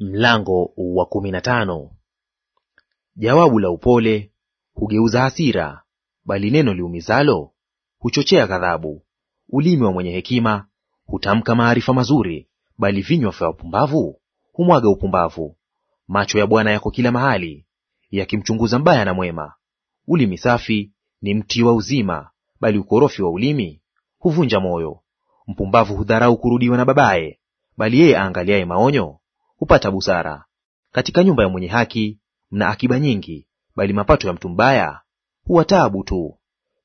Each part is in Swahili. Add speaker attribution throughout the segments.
Speaker 1: Mlango wa kumi na tano. Jawabu la upole hugeuza hasira, bali neno liumizalo huchochea ghadhabu. Ulimi wa mwenye hekima hutamka maarifa mazuri, bali vinywa vya wapumbavu humwaga upumbavu. Macho ya Bwana yako kila mahali, yakimchunguza mbaya na mwema. Ulimi safi ni mti wa uzima, bali ukorofi wa ulimi huvunja moyo. Mpumbavu hudharau kurudiwa na babaye, bali yeye aangaliaye maonyo hupata busara. Katika nyumba ya mwenye haki mna akiba nyingi, bali mapato ya mtu mbaya huwa taabu tu.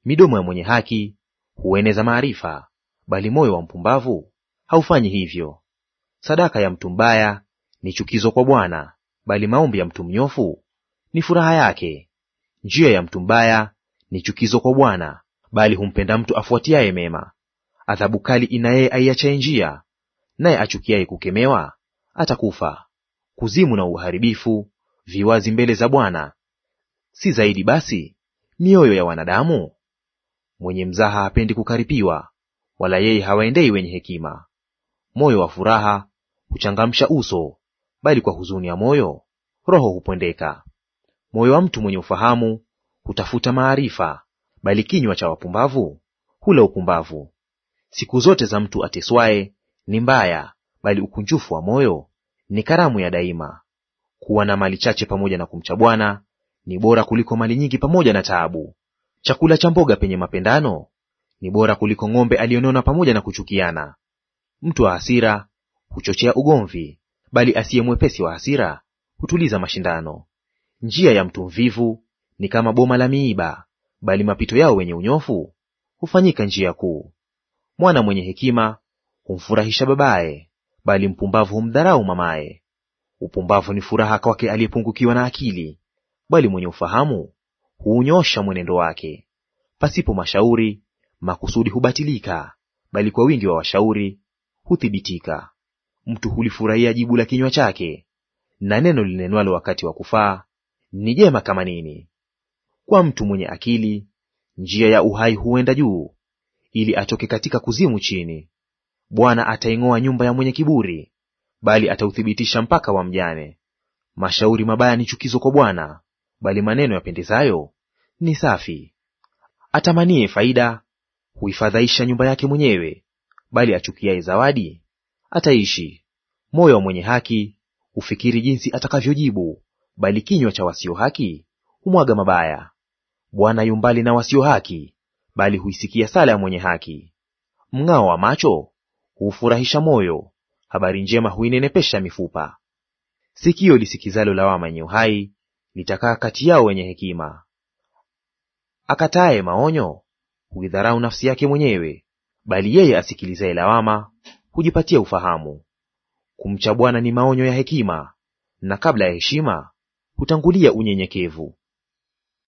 Speaker 1: Midomo ya mwenye haki hueneza maarifa, bali moyo wa mpumbavu haufanyi hivyo. Sadaka ya mtu mbaya ni chukizo kwa Bwana, bali maombi ya mtu mnyofu ni furaha yake. Njia ya mtu mbaya ni chukizo kwa Bwana, bali humpenda mtu afuatiaye mema. Adhabu kali ina yeye aiachaye njia, naye achukiaye kukemewa atakufa; kuzimu na uharibifu viwazi mbele za Bwana. Si zaidi basi mioyo ya wanadamu? Mwenye mzaha hapendi kukaripiwa, wala yeye hawaendei wenye hekima. Moyo wa furaha huchangamsha uso, bali kwa huzuni ya moyo roho hupondeka. Moyo wa mtu mwenye ufahamu hutafuta maarifa, bali kinywa cha wapumbavu hula upumbavu. Siku zote za mtu ateswaye ni mbaya, bali ukunjufu wa moyo ni karamu ya daima. Kuwa na mali chache pamoja na kumcha Bwana ni bora kuliko mali nyingi pamoja na taabu. Chakula cha mboga penye mapendano ni bora kuliko ng'ombe aliyonona pamoja na kuchukiana. Mtu wa hasira huchochea ugomvi, bali asiye mwepesi wa hasira hutuliza mashindano. Njia ya mtu mvivu ni kama boma la miiba, bali mapito yao wenye unyofu hufanyika njia kuu. Mwana mwenye hekima humfurahisha babaye, bali mpumbavu humdharau mamaye. Upumbavu ni furaha kwake aliyepungukiwa na akili, bali mwenye ufahamu huunyosha mwenendo wake. Pasipo mashauri makusudi hubatilika, bali kwa wingi wa washauri huthibitika. Mtu hulifurahia jibu la kinywa chake, na neno linenwalo wakati wa kufaa ni jema kama nini! Kwa mtu mwenye akili njia ya uhai huenda juu, ili atoke katika kuzimu chini. Bwana ataing'oa nyumba ya mwenye kiburi, bali atauthibitisha mpaka wa mjane. Mashauri mabaya ni chukizo kwa Bwana, bali maneno yapendezayo ni safi. Atamanie faida huifadhaisha nyumba yake mwenyewe, bali achukiaye zawadi ataishi. Moyo wa mwenye haki hufikiri jinsi atakavyojibu, bali kinywa cha wasio haki humwaga mabaya. Bwana yu mbali na wasio haki, bali huisikia sala ya mwenye haki. Mng'ao wa macho hufurahisha moyo, habari njema huinenepesha mifupa. Sikio lisikizalo lawama yenye uhai litakaa kati yao wenye hekima. Akataaye maonyo huidharau nafsi yake mwenyewe, bali yeye asikilizaye lawama hujipatia ufahamu. Kumcha Bwana ni maonyo ya hekima, na kabla ya heshima hutangulia unyenyekevu.